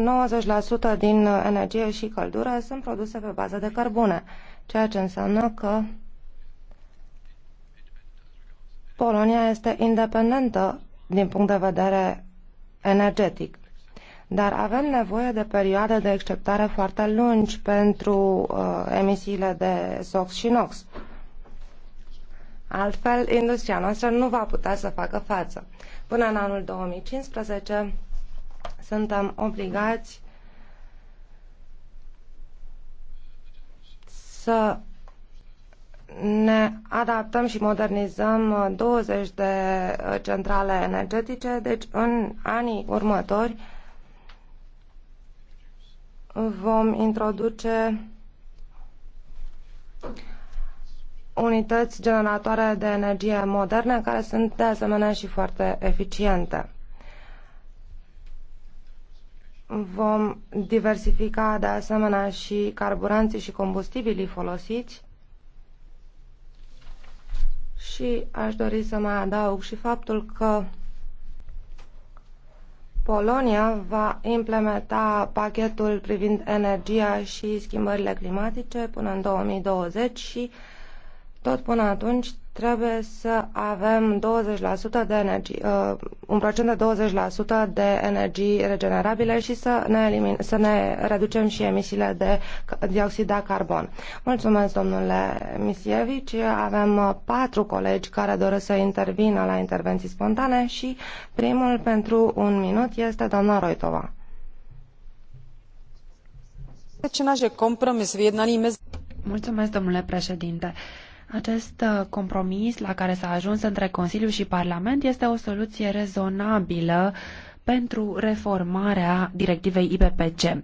90% din energie și căldură sunt produse pe bază de cărbune, ceea ce înseamnă că Polonia este independentă din punct de vedere energetic. Dar avem nevoie de perioade de acceptare foarte lungi pentru uh, emisiile de SOX și NOX. Altfel, industria noastră nu va putea să facă față. Până în anul 2015, suntem obligați să ne adaptăm și modernizăm 20 de centrale energetice, deci în anii următori vom introduce unități generatoare de energie moderne care sunt de asemenea și foarte eficiente. Vom diversifica de asemenea și carburanții și combustibilii folosiți și aș dori să mai adaug și faptul că Polonia va implementa pachetul privind energia și schimbările climatice până în 2020 și tot până atunci trebuie să avem 20% de energie, uh, un procent de 20% de energii regenerabile și să ne, elimin, să ne reducem și emisiile de dioxid de carbon. Mulțumesc, domnule Misievici. Avem uh, patru colegi care doresc să intervină la intervenții spontane și primul pentru un minut este doamna Roitova. Mulțumesc, domnule președinte. Acest uh, compromis la care s-a ajuns între Consiliu și Parlament este o soluție rezonabilă pentru reformarea directivei IPPC.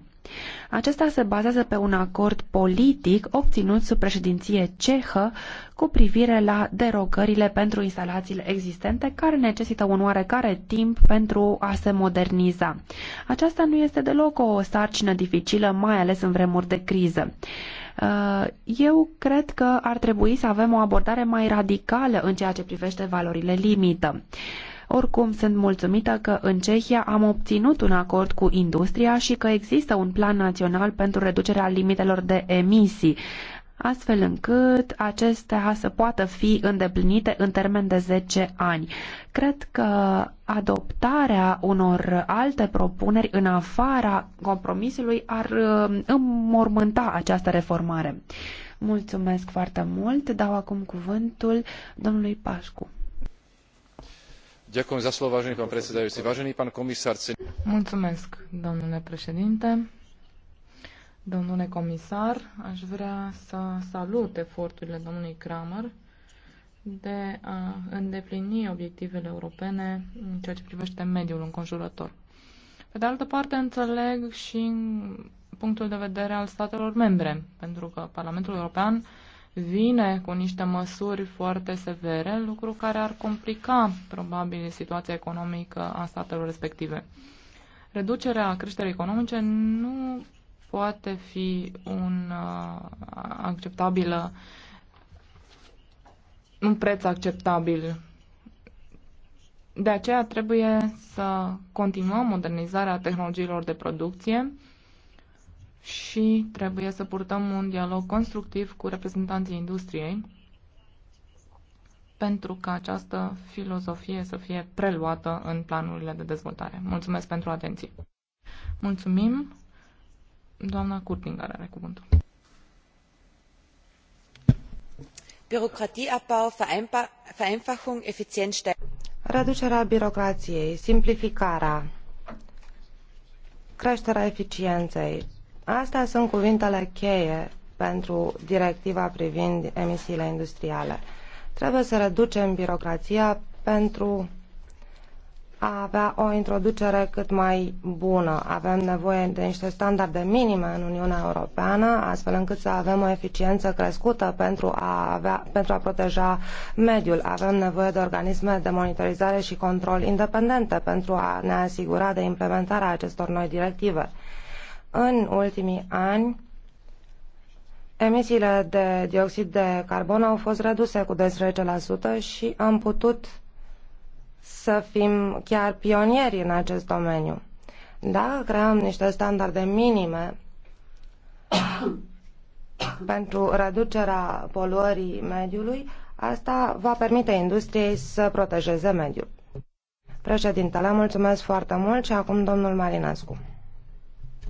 Acesta se bazează pe un acord politic obținut sub președinție cehă cu privire la derogările pentru instalațiile existente care necesită un oarecare timp pentru a se moderniza. Aceasta nu este deloc o sarcină dificilă, mai ales în vremuri de criză. Uh, eu cred că ar trebui să avem o abordare mai radicală în ceea ce privește valorile limită. Oricum, sunt mulțumită că în Cehia am obținut un acord cu industria și că există un plan național pentru reducerea limitelor de emisii astfel încât acestea să poată fi îndeplinite în termen de 10 ani. Cred că adoptarea unor alte propuneri în afara compromisului ar uh, înmormânta această reformare. Mulțumesc foarte mult. Dau acum cuvântul domnului Pașcu. Ďakujem za slovo, vážený pán predsedajúci. Vážený pán komisár, Mulțumesc, domnule președinte. Domnule comisar, aș vrea să salut eforturile domnului Kramer de a îndeplini obiectivele europene în ceea ce privește mediul înconjurător. Pe de altă parte, înțeleg și punctul de vedere al statelor membre, pentru că Parlamentul European vine cu niște măsuri foarte severe, lucru care ar complica probabil situația economică a statelor respective. Reducerea creșterii economice nu poate fi un uh, acceptabilă un preț acceptabil. De aceea trebuie să continuăm modernizarea tehnologiilor de producție și trebuie să purtăm un dialog constructiv cu reprezentanții industriei pentru ca această filozofie să fie preluată în planurile de dezvoltare. Mulțumesc pentru atenție. Mulțumim. Doamna Curtinger are cuvântul. Bürokratieabbau, Vereinfachung, Effizienzsteigerung. Reducerea birocrației, simplificarea, creșterea eficienței. Astea sunt cuvintele cheie pentru directiva privind emisiile industriale. Trebuie să reducem birocrația pentru a avea o introducere cât mai bună. Avem nevoie de niște standarde minime în Uniunea Europeană, astfel încât să avem o eficiență crescută pentru a, avea, pentru a proteja mediul. Avem nevoie de organisme de monitorizare și control independente pentru a ne asigura de implementarea acestor noi directive. În ultimii ani, emisiile de dioxid de carbon au fost reduse cu 10% și am putut să fim chiar pionieri în acest domeniu. Da, creăm niște standarde minime pentru reducerea poluării mediului, asta va permite industriei să protejeze mediul. Președintele, mulțumesc foarte mult și acum domnul Marinescu.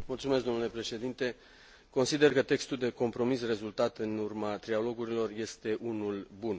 Mulțumesc, domnule președinte. Consider că textul de compromis rezultat în urma trialogurilor este unul bun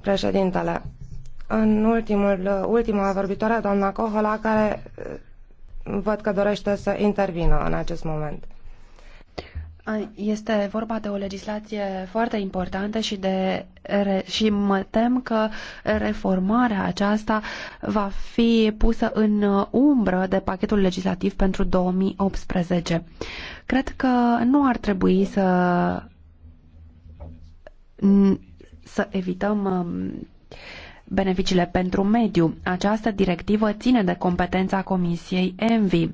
Președintele, în ultimul, ultima vorbitoare, doamna Cohola, care eh, văd că dorește să intervină în acest moment. Este vorba de o legislație foarte importantă și, de, și mă tem că reformarea aceasta va fi pusă în umbră de pachetul legislativ pentru 2018. Cred că nu ar trebui să să evităm um, beneficiile pentru mediu. Această directivă ține de competența Comisiei ENVI.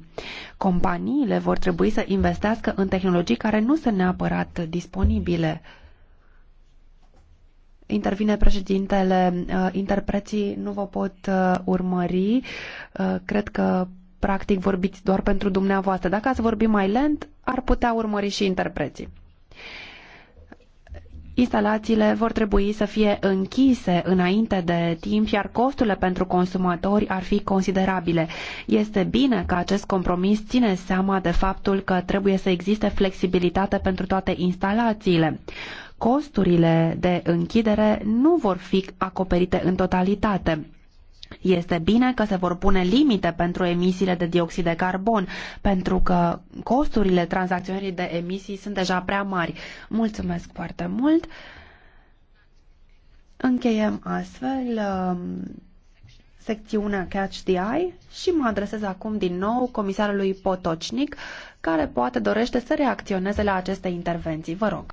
Companiile vor trebui să investească în tehnologii care nu sunt neapărat disponibile. Intervine președintele, uh, interpreții nu vă pot uh, urmări. Uh, cred că practic vorbiți doar pentru dumneavoastră. Dacă ați vorbi mai lent, ar putea urmări și interpreții instalațiile vor trebui să fie închise înainte de timp, iar costurile pentru consumatori ar fi considerabile. Este bine că acest compromis ține seama de faptul că trebuie să existe flexibilitate pentru toate instalațiile costurile de închidere nu vor fi acoperite în totalitate. Este bine că se vor pune limite pentru emisiile de dioxid de carbon, pentru că costurile tranzacționării de emisii sunt deja prea mari. Mulțumesc foarte mult! Încheiem astfel um, secțiunea Catch the Eye și mă adresez acum din nou comisarului Potocnic, care poate dorește să reacționeze la aceste intervenții. Vă rog.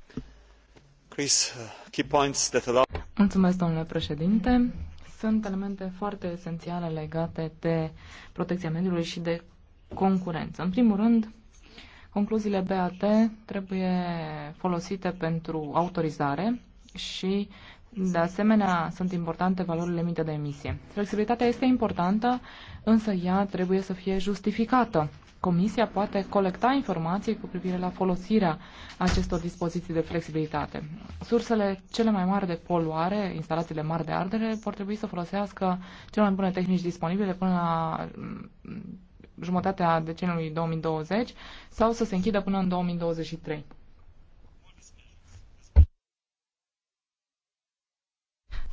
Chris, uh, key points that allow... Mulțumesc, domnule președinte. Sunt elemente foarte esențiale legate de protecția mediului și de concurență. În primul rând, concluziile BAT trebuie folosite pentru autorizare și de asemenea, sunt importante valorile limite de emisie. Flexibilitatea este importantă, însă ea trebuie să fie justificată. Comisia poate colecta informații cu privire la folosirea acestor dispoziții de flexibilitate. Sursele cele mai mari de poluare, instalațiile mari de ardere, vor trebui să folosească cele mai bune tehnici disponibile până la mm, jumătatea deceniului 2020 sau să se închidă până în 2023.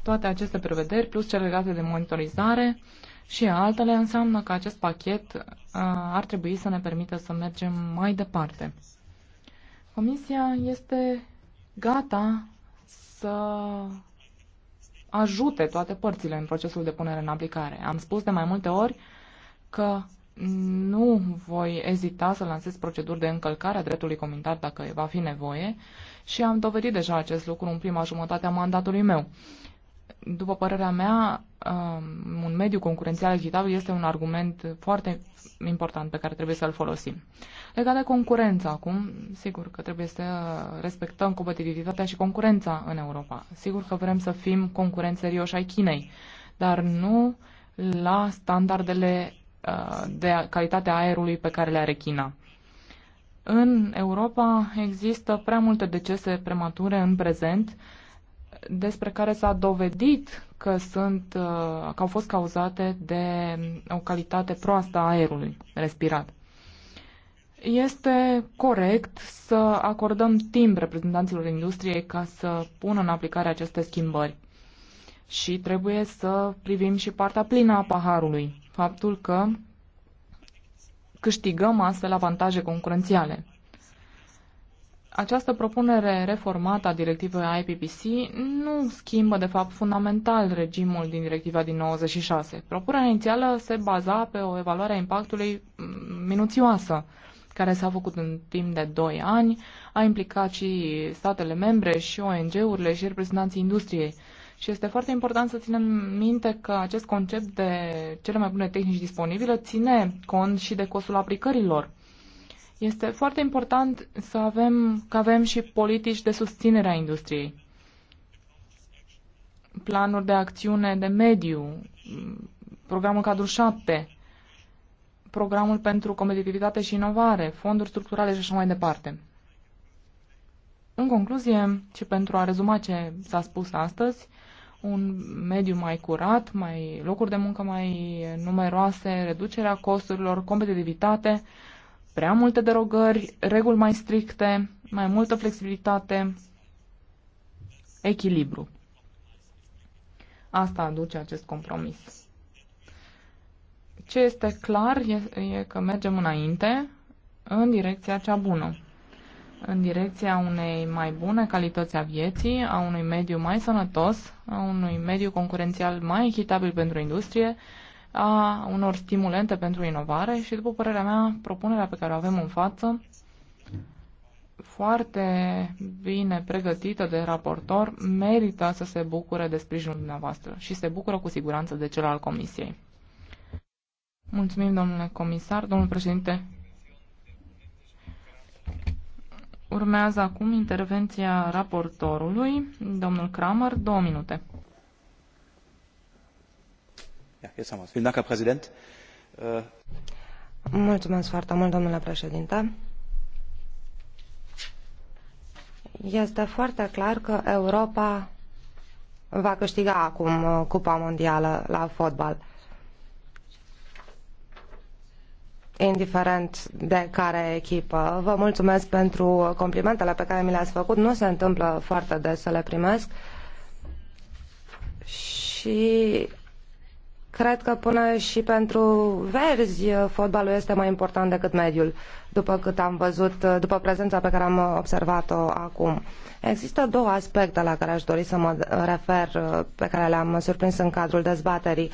Toate aceste prevederi, plus cele legate de monitorizare, uh, și altele înseamnă că acest pachet uh, ar trebui să ne permită să mergem mai departe. Comisia este gata să ajute toate părțile în procesul de punere în aplicare. Am spus de mai multe ori că nu voi ezita să lansez proceduri de încălcare a dreptului comunitar dacă va fi nevoie și am dovedit deja acest lucru în prima jumătate a mandatului meu după părerea mea, um, un mediu concurențial echitabil este un argument foarte important pe care trebuie să-l folosim. Legat de concurență acum, sigur că trebuie să respectăm competitivitatea și concurența în Europa. Sigur că vrem să fim concurenți serioși ai Chinei, dar nu la standardele uh, de calitate a aerului pe care le are China. În Europa există prea multe decese premature în prezent despre care s-a dovedit că, sunt, uh, că au fost cauzate de o calitate proastă a aerului respirat. Este corect să acordăm timp reprezentanților industriei ca să pună în aplicare aceste schimbări. Și trebuie să privim și partea plină a paharului, faptul că câștigăm astfel avantaje concurențiale această propunere reformată a directivei IPPC nu schimbă, de fapt, fundamental regimul din directiva din 96. Propunerea inițială se baza pe o evaluare a impactului mm, minuțioasă, care s-a făcut în timp de 2 ani, a implicat și statele membre, și ONG-urile, și reprezentanții industriei. Și este foarte important să ținem minte că acest concept de cele mai bune tehnici disponibile ține cont și de costul aplicărilor este foarte important să avem, că avem și politici de susținere a industriei. Planuri de acțiune de mediu, programul cadru 7, programul pentru competitivitate și inovare, fonduri structurale și așa mai departe. În concluzie, și pentru a rezuma ce s-a spus astăzi, un mediu mai curat, mai locuri de muncă mai numeroase, reducerea costurilor, competitivitate, prea multe derogări, reguli mai stricte, mai multă flexibilitate, echilibru. Asta aduce acest compromis. Ce este clar e, e că mergem înainte în direcția cea bună, în direcția unei mai bune calități a vieții, a unui mediu mai sănătos, a unui mediu concurențial mai echitabil pentru industrie, a unor stimulente pentru inovare și, după părerea mea, propunerea pe care o avem în față, foarte bine pregătită de raportor, merită să se bucure de sprijinul dumneavoastră și se bucură cu siguranță de cel al Comisiei. Mulțumim, domnule comisar. Domnul președinte, urmează acum intervenția raportorului, domnul Kramer, două minute. Äh, mulțumesc foarte mult, domnule președinte. Este foarte clar că Europa va câștiga acum uh, Cupa Mondială la fotbal. indiferent de care echipă. Vă mulțumesc pentru complimentele pe care mi le-ați făcut. Nu se întâmplă foarte des să le primesc. Și Cred că până și pentru verzi uh, fotbalul este mai important decât mediul, după cât am văzut, uh, după prezența pe care am observat-o acum. Există două aspecte la care aș dori să mă refer, uh, pe care le-am surprins în cadrul dezbaterii.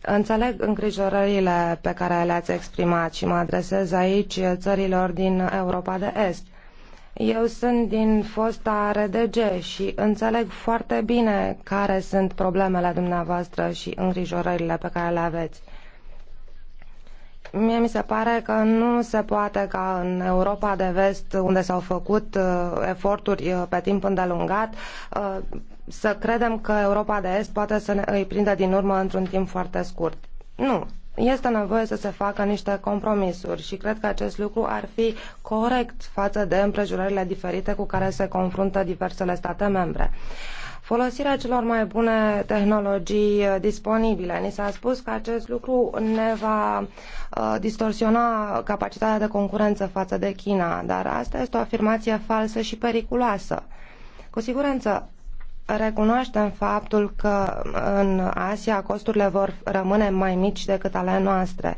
Înțeleg îngrijorările pe care le-ați exprimat și mă adresez aici țărilor din Europa de Est eu sunt din fosta RDG și înțeleg foarte bine care sunt problemele dumneavoastră și îngrijorările pe care le aveți. Mie mi se pare că nu se poate ca în Europa de Vest, unde s-au făcut uh, eforturi uh, pe timp îndelungat, uh, să credem că Europa de Est poate să ne, îi prindă din urmă într-un timp foarte scurt. Nu, este nevoie să se facă niște compromisuri și cred că acest lucru ar fi corect față de împrejurările diferite cu care se confruntă diversele state membre folosirea celor mai bune tehnologii uh, disponibile. Ni s-a spus că acest lucru ne va uh, distorsiona capacitatea de concurență față de China, dar asta este o afirmație falsă și periculoasă. Cu siguranță, recunoaștem faptul că în Asia costurile vor rămâne mai mici decât ale noastre.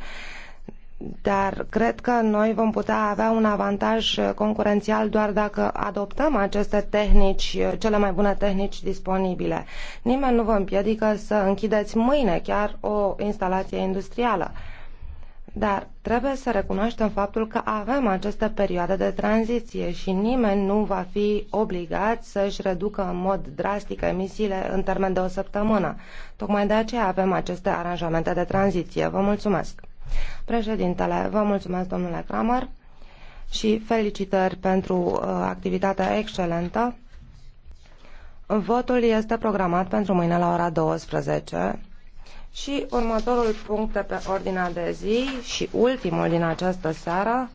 Dar cred că noi vom putea avea un avantaj concurențial doar dacă adoptăm aceste tehnici, cele mai bune tehnici disponibile. Nimeni nu vă împiedică să închideți mâine chiar o instalație industrială. Uh, dar trebuie să recunoaștem faptul că avem această perioadă de tranziție și nimeni nu va fi obligat să-și reducă în mod drastic emisiile în termen de o săptămână. Tocmai de aceea avem aceste aranjamente de tranziție. Vă mulțumesc. Președintele, vă mulțumesc, domnule Kramer, și felicitări pentru uh, activitatea excelentă. Votul este programat pentru mâine la ora 12. Și următorul punct pe ordinea de zi și ultimul din această seară